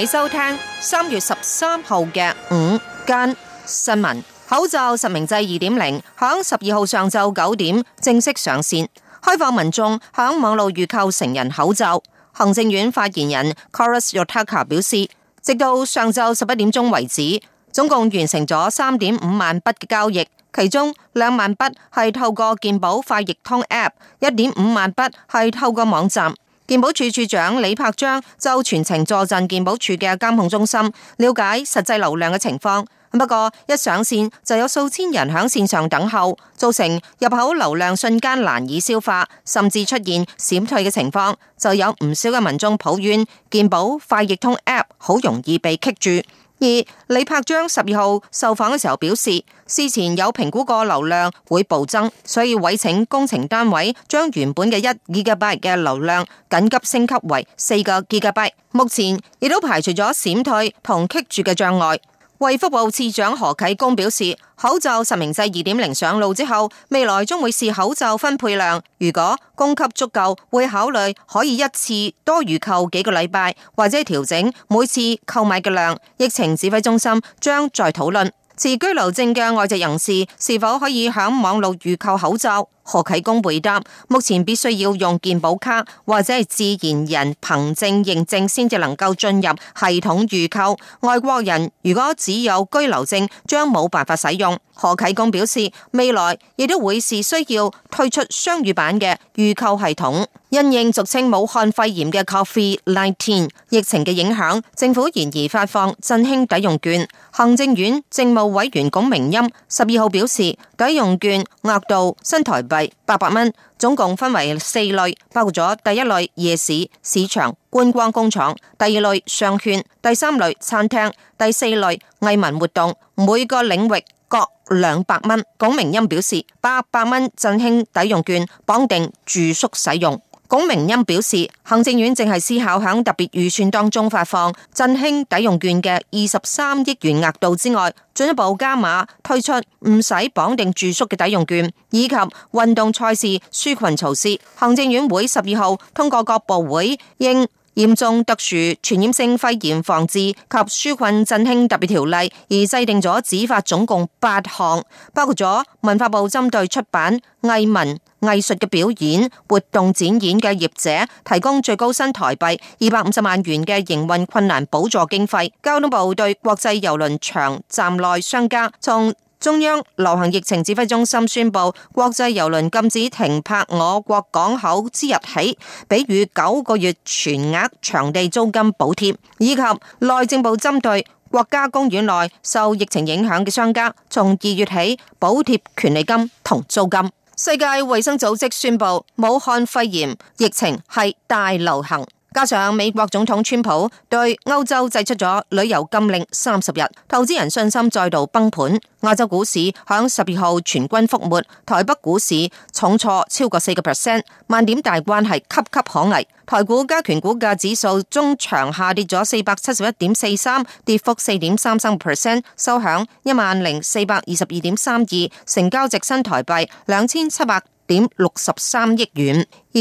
你收聽三月十三號嘅午間新聞，口罩實名制二點零響十二號上晝九點正式上線，開放民眾響網絡預購成人口罩。行政院發言人 Kolas Yotaka 表示，直到上晝十一點鐘為止，總共完成咗三點五萬筆嘅交易，其中兩萬筆係透過健保快易通 App，一點五萬筆係透過網站。健保處處長李柏章就全程坐鎮健保處嘅監控中心，了解實際流量嘅情況。不過一上線就有數千人喺線上等候，造成入口流量瞬間難以消化，甚至出現閃退嘅情況。就有唔少嘅民眾抱怨健保快易通 App 好容易被棘住。而李柏章十二號受訪嘅時候表示，事前有評估過流量會暴增，所以委請工程單位將原本嘅一 G 嘅 byte 嘅流量緊急升級為四個 G 嘅 byte。目前亦都排除咗閃退同棘住嘅障礙。衛福部次長何啟功表示，口罩實名制2.0上路之後，未來將會試口罩分配量，如果供給足夠，會考慮可以一次多預購幾個禮拜，或者係調整每次購買嘅量。疫情指揮中心將再討論持居留證嘅外籍人士是否可以響網絡預購口罩。何啟功回答：目前必須要用健保卡或者係自然人憑證認證，先至能夠進入系統預購。外國人如果只有居留證，將冇辦法使用。何啟功表示，未來亦都會是需要推出雙語版嘅預購系統。因應俗稱武漢肺炎嘅 COVID-19 疫情嘅影響，政府研議發放振興抵用券。行政院政務委員龔明鑫十二號表示，抵用券額度新台幣八百蚊，總共分為四類，包括咗第一類夜市市場、觀光工廠，第二類商圈，第三類餐廳，第四類藝文活動。每個領域各兩百蚊。龔明鑫表示，八百蚊振興抵用券綁定住宿使用。龔明鑫表示，行政院正係思考響特別預算當中發放振興抵用券嘅二十三億元額度之外，進一步加碼推出唔使綁定住宿嘅抵用券，以及運動賽事紓困措施。行政院會十二號通過各部會應嚴重特殊傳染性肺炎防治及紓困振興特別條例而制定咗子法，總共八項，包括咗文化部針對出版、藝文、藝術嘅表演活動、展演嘅業者提供最高新台幣二百五十萬元嘅營運困難補助經費，交通部對國際郵輪場站內商家中央流行疫情指揮中心宣布，國際郵輪禁止停泊我國港口之日起，俾予九個月全額場地租金補貼；以及內政部針對國家公園內受疫情影響嘅商家，從二月起補貼權利金同租金。世界衛生組織宣布，武漢肺炎疫情係大流行。加上美國總統川普對歐洲祭出咗旅遊禁令，三十日投資人信心再度崩盤。亞洲股市響十二號全軍覆沒，台北股市重挫超過四個 percent，萬點大關係岌岌可危。台股加權股價指數中長下跌咗四百七十一點四三，跌幅四點三三 percent，收響一萬零四百二十二點三二，成交值新台幣兩千七百點六十三億元。而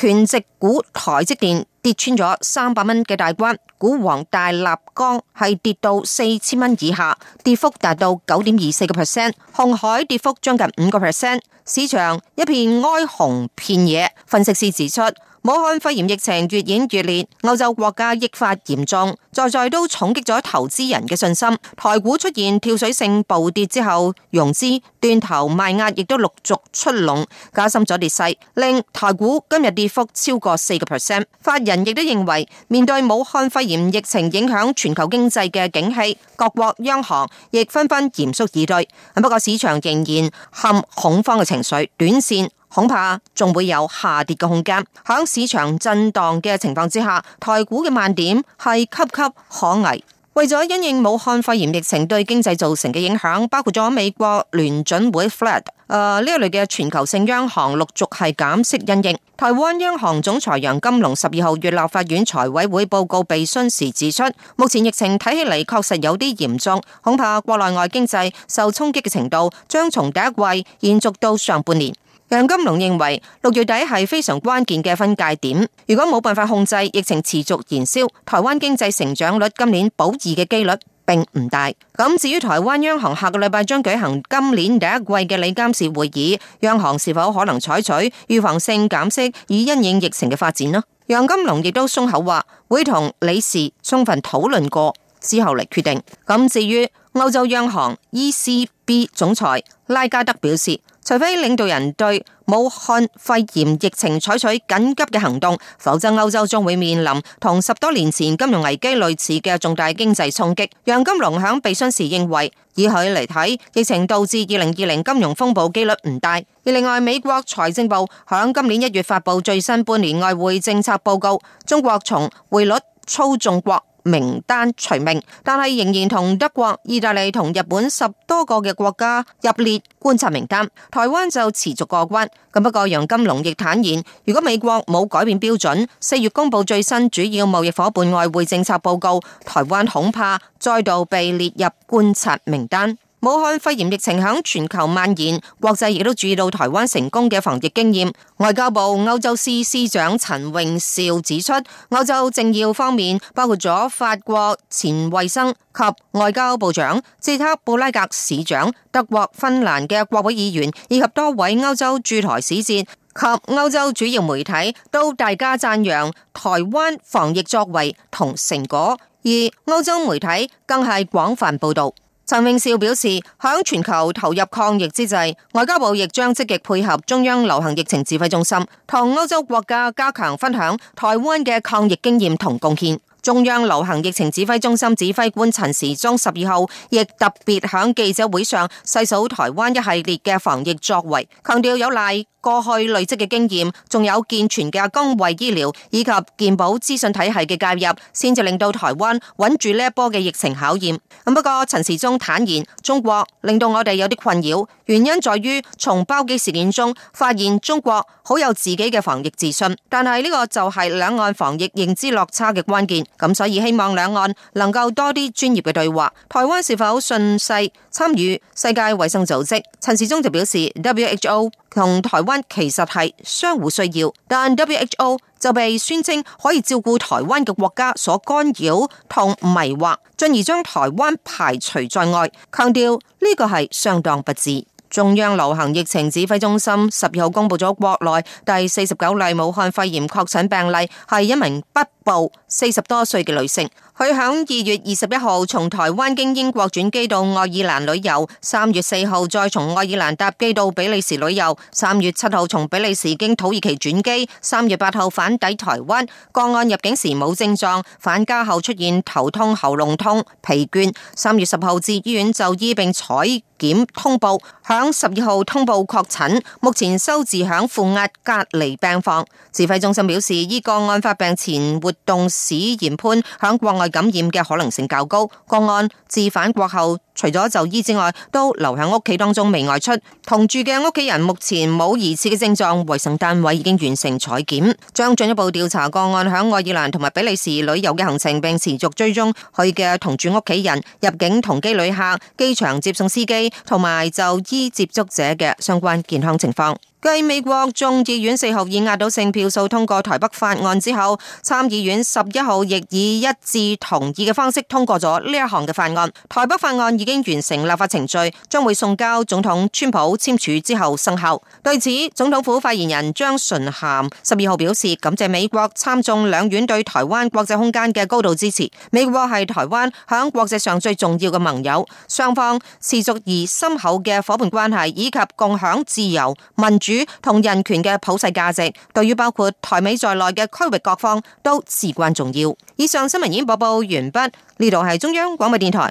權值股台積電。跌穿咗三百蚊嘅大關，股王大立光係跌到四千蚊以下，跌幅達到九點二四個 percent，鴻海跌幅將近五個 percent，市場一片哀鴻遍野。分析師指出。武漢肺炎疫情越演越烈，歐洲國家益發嚴重，在在都重擊咗投資人嘅信心。台股出現跳水性暴跌之後，融資斷頭賣壓亦都陸續出籠，加深咗跌勢，令台股今日跌幅超過四個 percent。法人亦都認為，面對武漢肺炎疫情影響全球經濟嘅景氣，各國央行亦紛紛嚴肅以對。不過市場仍然陷恐慌嘅情緒，短線。恐怕仲會有下跌嘅空間。響市場震盪嘅情況之下，台股嘅慢點係岌岌可危。為咗因應武漢肺炎疫情對經濟造成嘅影響，包括咗美國聯準會 flat 誒、呃、呢一類嘅全球性央行陸續係減息。因應台灣央行總裁楊金龍十二號月立法院財委會報告被詢時指出，目前疫情睇起嚟確實有啲嚴重，恐怕國內外經濟受衝擊嘅程度將從第一季延續到上半年。楊金龍認為六月底係非常關鍵嘅分界點，如果冇辦法控制疫情持續燃燒，台灣經濟成長率今年保二嘅機率並唔大。咁至於台灣央行下個禮拜將舉行今年第一季嘅理監事會議，央行是否可能採取預防性減息以因應疫情嘅發展呢？楊金龍亦都鬆口話會同理事充分討論過之後嚟決定。咁至於歐洲央行 ECB 總裁拉加德表示，除非領導人對武漢肺炎疫情採取緊急嘅行動，否則歐洲將會面臨同十多年前金融危機類似嘅重大經濟衝擊。楊金龍響被詢時認為，以佢嚟睇，疫情導致二零二零金融風暴機率唔大。而另外，美國財政部響今年一月發布最新半年外匯政策報告，中國從匯率操縱國名單除名，但係仍然同德國、意大利同日本十多個嘅國家入列觀察名單。台灣就持續過關，咁不過楊金龍亦坦言，如果美國冇改變標準，四月公布最新主要貿易夥伴外匯政策報告，台灣恐怕再度被列入觀察名單。武漢肺炎疫情向全球蔓延，國際亦都注意到台灣成功嘅防疫經驗。外交部歐洲司司長陳榮紹指出，歐洲政要方面包括咗法國前衛生及外交部長捷克布拉格市長、德國芬蘭嘅國會議員，以及多位歐洲駐台使節及歐洲主要媒體都大加讚揚台灣防疫作為同成果，而歐洲媒體更係廣泛報道。陳永兆表示，響全球投入抗疫之際，外交部亦將積極配合中央流行疫情指揮中心，同歐洲國家加強分享台灣嘅抗疫經驗同貢獻。中央流行疫情指揮中心指揮官陳時中十二號亦特別響記者會上細數台灣一系列嘅防疫作為，強調有賴過去累積嘅經驗，仲有健全嘅公衛醫療以及健保資訊體系嘅介入，先至令到台灣穩住呢一波嘅疫情考驗。咁不過陳時中坦言，中國令到我哋有啲困擾，原因在於從包機事件中發現中國好有自己嘅防疫自信，但係呢個就係兩岸防疫認知落差嘅關鍵。咁所以希望兩岸能夠多啲專業嘅對話。台灣是否順勢參與世界衛生組織？陳時中就表示，WHO 同台灣其實係相互需要，但 WHO 就被宣稱可以照顧台灣嘅國家所干擾同迷惑，進而將台灣排除在外。強調呢個係相當不智。中央流行疫情指揮中心十二號公布咗國內第四十九例武漢肺炎確診病例，係一名北部四十多歲嘅女性。佢響二月二十一號從台灣經英國轉機到愛爾蘭旅遊，三月四號再從愛爾蘭搭機到比利時旅遊，三月七號從比利時經土耳其轉機，三月八號返抵台灣。個案入境時冇症狀，返家後出現頭痛、喉嚨痛、疲倦。三月十號至醫院就醫並採檢通報，響十二號通報確診，目前收治響負壓隔離病房。指揮中心表示，依個案發病前活動史研判響國外感染嘅可能性較高，個案自返國後。除咗就醫之外，都留喺屋企當中，未外出。同住嘅屋企人目前冇疑似嘅症狀，衛生單位已經完成採檢，將進一步調查個案響愛爾蘭同埋比利時旅遊嘅行程，並持續追蹤去嘅同住屋企人、入境同機旅客、機場接送司機同埋就醫接觸者嘅相關健康情況。繼美國眾議院四號以壓倒性票數通過台北法案之後，參議院十一號亦以一致同意嘅方式通過咗呢一項嘅法案。台北法案已。已經完成立法程序，將會送交總統川普簽署之後生效。對此，總統府發言人張惇涵十二號表示，感謝美國參衆兩院對台灣國際空間嘅高度支持。美國係台灣響國際上最重要嘅盟友，雙方持續而深厚嘅夥伴關係，以及共享自由、民主同人權嘅普世價值，對於包括台美在內嘅區域各方都至關重要。以上新聞已經播報，報完畢，呢度係中央廣播電台。